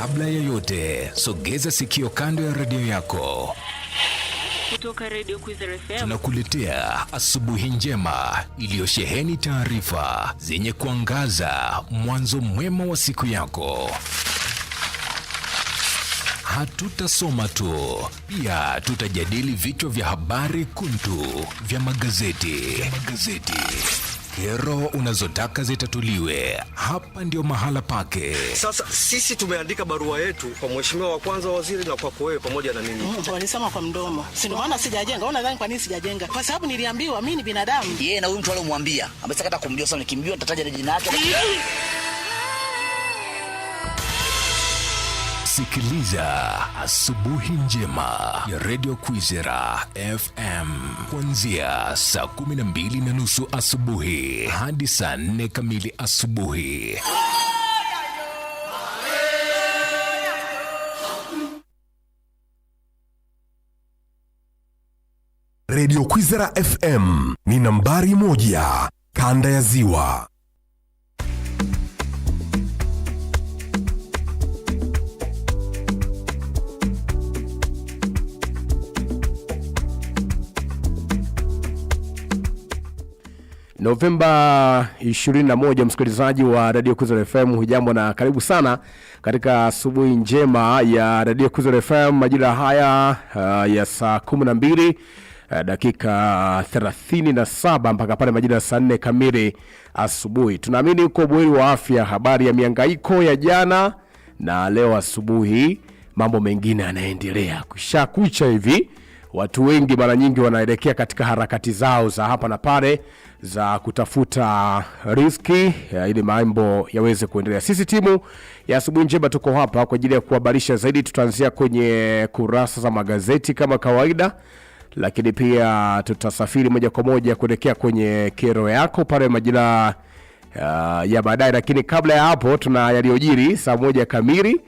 Kabla ya yote, sogeza sikio kando ya redio yako kutoka Kwizera FM tunakuletea asubuhi njema iliyosheheni taarifa zenye kuangaza mwanzo mwema wa siku yako. Hatutasoma tu, pia tutajadili vichwa vya habari kuntu vya magazeti, magazeti kero unazotaka zitatuliwe, hapa ndio mahala pake. Sasa sisi tumeandika barua yetu kwa mheshimiwa wa kwanza waziri na kwako wewe pamoja na mimi. Mm, walisema kwa mdomo, si ndio maana sijajenga. Au nadhani kwa nini sijajenga? Kwa sababu niliambiwa mimi ni binadamu. Yeye na huyu mtu aliyomwambia ambaye sakata kumjua sana, nikimjua nitataja jina lake Sikiliza Asubuhi Njema ya Radio Kwizera FM kuanzia saa kumi na mbili na nusu asubuhi hadi saa nne kamili asubuhi. Radio Kwizera FM ni nambari moja kanda ya Ziwa. Novemba 21, msikilizaji wa Radio Kwizera FM, hujambo na karibu sana katika asubuhi njema ya Radio Kwizera FM majira haya uh, ya saa 12 uh, dakika 37 mpaka pale majira ya saa 4 kamili asubuhi. Tunaamini uko buheri wa afya, habari ya miangaiko ya jana na leo asubuhi, mambo mengine yanaendelea kushakucha hivi watu wengi mara nyingi wanaelekea katika harakati zao za hapa na pale za kutafuta riski eh, ili mambo yaweze kuendelea. Sisi timu ya Asubuhi Njema tuko hapa kwa ajili ya kuhabarisha zaidi. Tutaanzia kwenye kurasa za magazeti kama kawaida, lakini pia tutasafiri moja kwa moja kuelekea kwenye kero yako pale majira uh, ya baadaye, lakini kabla ya hapo tuna yaliyojiri saa moja kamili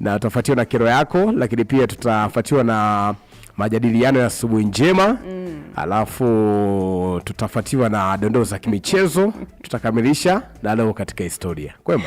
na tutafuatiwa na kero yako, lakini pia tutafuatiwa na majadiliano ya asubuhi njema mm. Alafu tutafuatiwa na dondoo za kimichezo tutakamilisha na leo katika historia. Kwema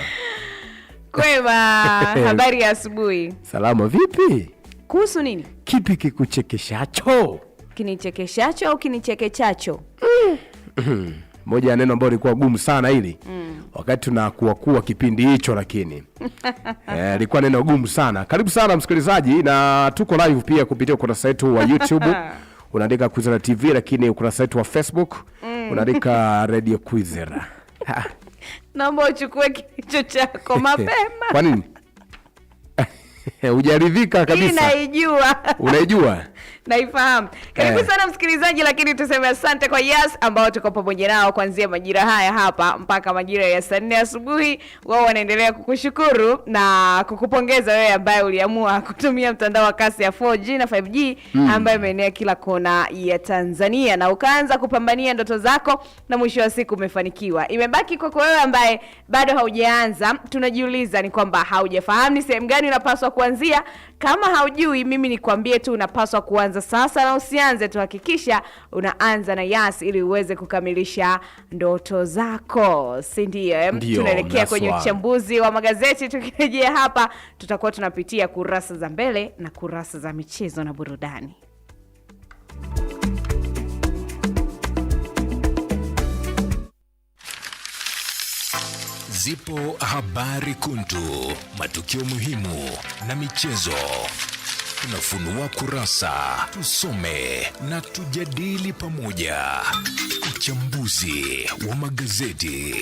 kwema, habari ya asubuhi. Salama, vipi? Kuhusu nini? Kipi kikuchekeshacho? Kinichekeshacho au kinichekechacho? Mm. Mm-hmm. Moja ya neno ambayo likuwa gumu sana hili mm wakati tunakuwa kuwa kipindi hicho, lakini eh, ilikuwa e, neno gumu sana. Karibu sana msikilizaji, na tuko live pia kupitia ukurasa wetu wa YouTube unaandika Kwizera TV, lakini ukurasa wetu wa Facebook mm. unaandika Radio Kwizera. Naomba uchukue kicho chako mapema. Kwa nini? Hujaridhika kabisa? Unaijua naifahamu. Karibu eh. sana msikilizaji, lakini tuseme asante kwa Yas ambao tuko pamoja nao kuanzia majira haya hapa mpaka majira ya saa nne asubuhi. Wao wanaendelea kukushukuru na kukupongeza wewe ambaye uliamua kutumia mtandao wa kasi ya 4G na 5G mm, ambayo imeenea kila kona ya Tanzania na ukaanza kupambania ndoto zako na mwisho wa siku umefanikiwa. Imebaki kwako wewe ambaye bado haujaanza. Tunajiuliza ni kwamba haujafahamu ni sehemu gani unapaswa kuanzia kama haujui, mimi nikwambie tu, unapaswa kuanza sasa na usianze tu, hakikisha unaanza na Yas ili uweze kukamilisha ndoto zako, si ndio Tunaelekea kwenye uchambuzi wa magazeti. Tukirejea hapa, tutakuwa tunapitia kurasa za mbele na kurasa za michezo na burudani. zipo habari kuntu, matukio muhimu na michezo. Tunafunua kurasa, tusome na tujadili pamoja. Uchambuzi wa magazeti.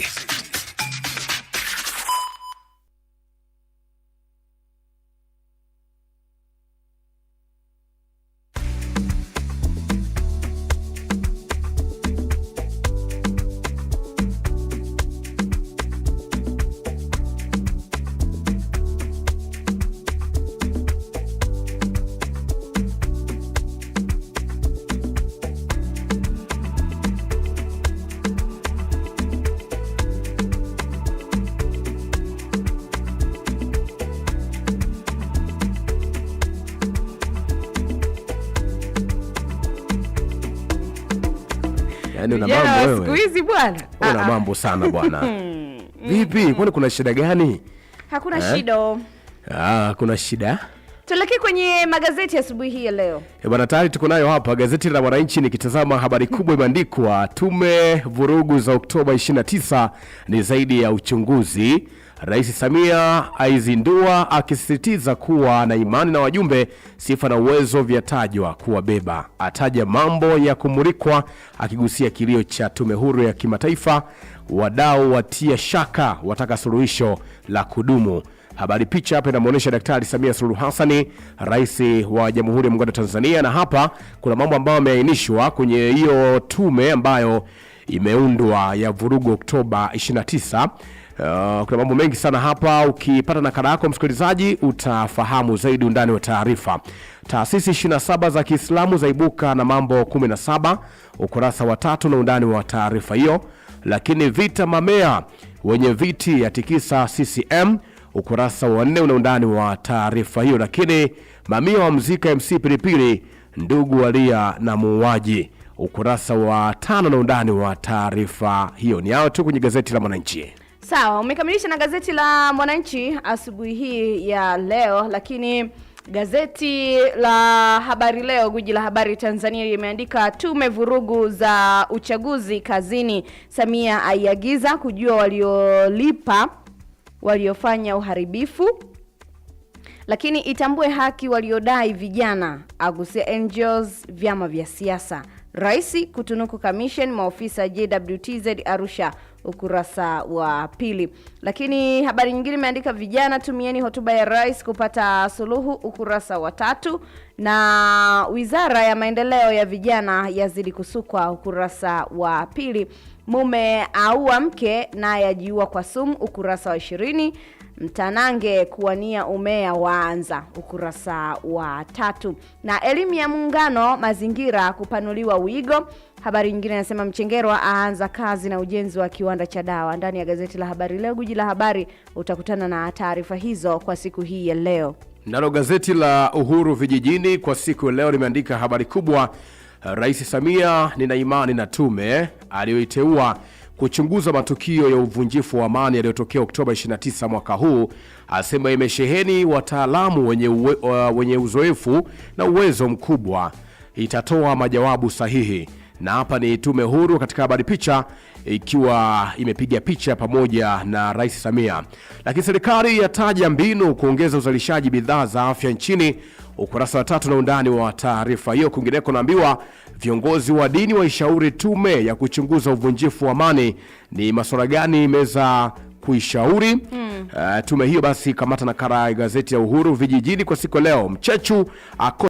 yani una mambo wewe. Siku hizi bwana. Una ah, ah. mambo sana bwana. Hmm. Vipi? Kwani kuna shida gani? Hakuna ha? Eh? shida. Ah, kuna shida. Tuelekee kwenye magazeti asubuhi hii ya leo. Eh, bwana tayari tuko nayo hapa gazeti la Mwananchi nikitazama habari kubwa imeandikwa tume vurugu za Oktoba 29 ni zaidi ya uchunguzi. Rais Samia aizindua akisisitiza kuwa na imani na wajumbe, sifa na uwezo vyatajwa kuwabeba. Ataja mambo ya kumulikwa, akigusia kilio cha Tume Huru ya Kimataifa. Wadau watia shaka, wataka suluhisho la kudumu. Habari picha hapa inamwonyesha Daktari Samia Suluhu Hassani, rais wa Jamhuri ya Muungano wa Tanzania, na hapa kuna mambo ambayo yameainishwa kwenye hiyo tume ambayo imeundwa ya vurugu Oktoba 29 Uh, kuna mambo mengi sana hapa. Ukipata nakala yako msikilizaji, utafahamu zaidi undani wa taarifa. Taasisi 27 za Kiislamu zaibuka na mambo 17, ukurasa wa tatu na undani wa taarifa hiyo. Lakini vita mamea wenye viti ya tikisa CCM, ukurasa wa nne una undani wa taarifa hiyo. Lakini mamia wa mzika MC Pilipili, ndugu walia na muuaji ukurasa wa tano na undani wa taarifa hiyo. Ni hao tu kwenye gazeti la Mwananchi. Sawa, umekamilisha na gazeti la Mwananchi asubuhi hii ya leo, lakini gazeti la Habari Leo, guji la habari Tanzania, limeandika tume vurugu za uchaguzi kazini, Samia aiagiza kujua waliolipa waliofanya uharibifu lakini itambue haki waliodai vijana, agusia angels vyama vya siasa. Rais kutunuku commission maofisa JWTZ Arusha, ukurasa wa pili. Lakini habari nyingine imeandika vijana tumieni hotuba ya rais kupata suluhu, ukurasa wa tatu, na wizara ya maendeleo ya vijana yazidi kusukwa, ukurasa wa pili. Mume aua mke naye ajiua kwa sumu, ukurasa wa ishirini Mtanange kuwania umea waanza ukurasa wa tatu, na elimu ya muungano mazingira kupanuliwa wigo. Habari nyingine inasema Mchengerwa aanza kazi na ujenzi wa kiwanda cha dawa. Ndani ya gazeti la Habari Leo, guji la habari, utakutana na taarifa hizo kwa siku hii ya leo. Nalo gazeti la Uhuru Vijijini kwa siku ya leo limeandika habari kubwa, Rais Samia nina imani na tume aliyoiteua kuchunguza matukio ya uvunjifu wa amani yaliyotokea Oktoba 29 mwaka huu, asema imesheheni wataalamu wenye, uh, wenye uzoefu na uwezo mkubwa, itatoa majawabu sahihi na hapa ni Tume Huru katika habari picha, ikiwa imepiga picha pamoja na Rais Samia. Lakini serikali yataja mbinu kuongeza uzalishaji bidhaa za afya nchini, ukurasa wa tatu na undani wa taarifa hiyo. Kwingineko naambiwa viongozi wa dini waishauri tume ya kuchunguza uvunjifu wa amani. Ni masuala gani imeweza kuishauri hmm. Uh, tume hiyo basi, kamata nakala gazeti ya Uhuru vijijini kwa siku leo mchechu ako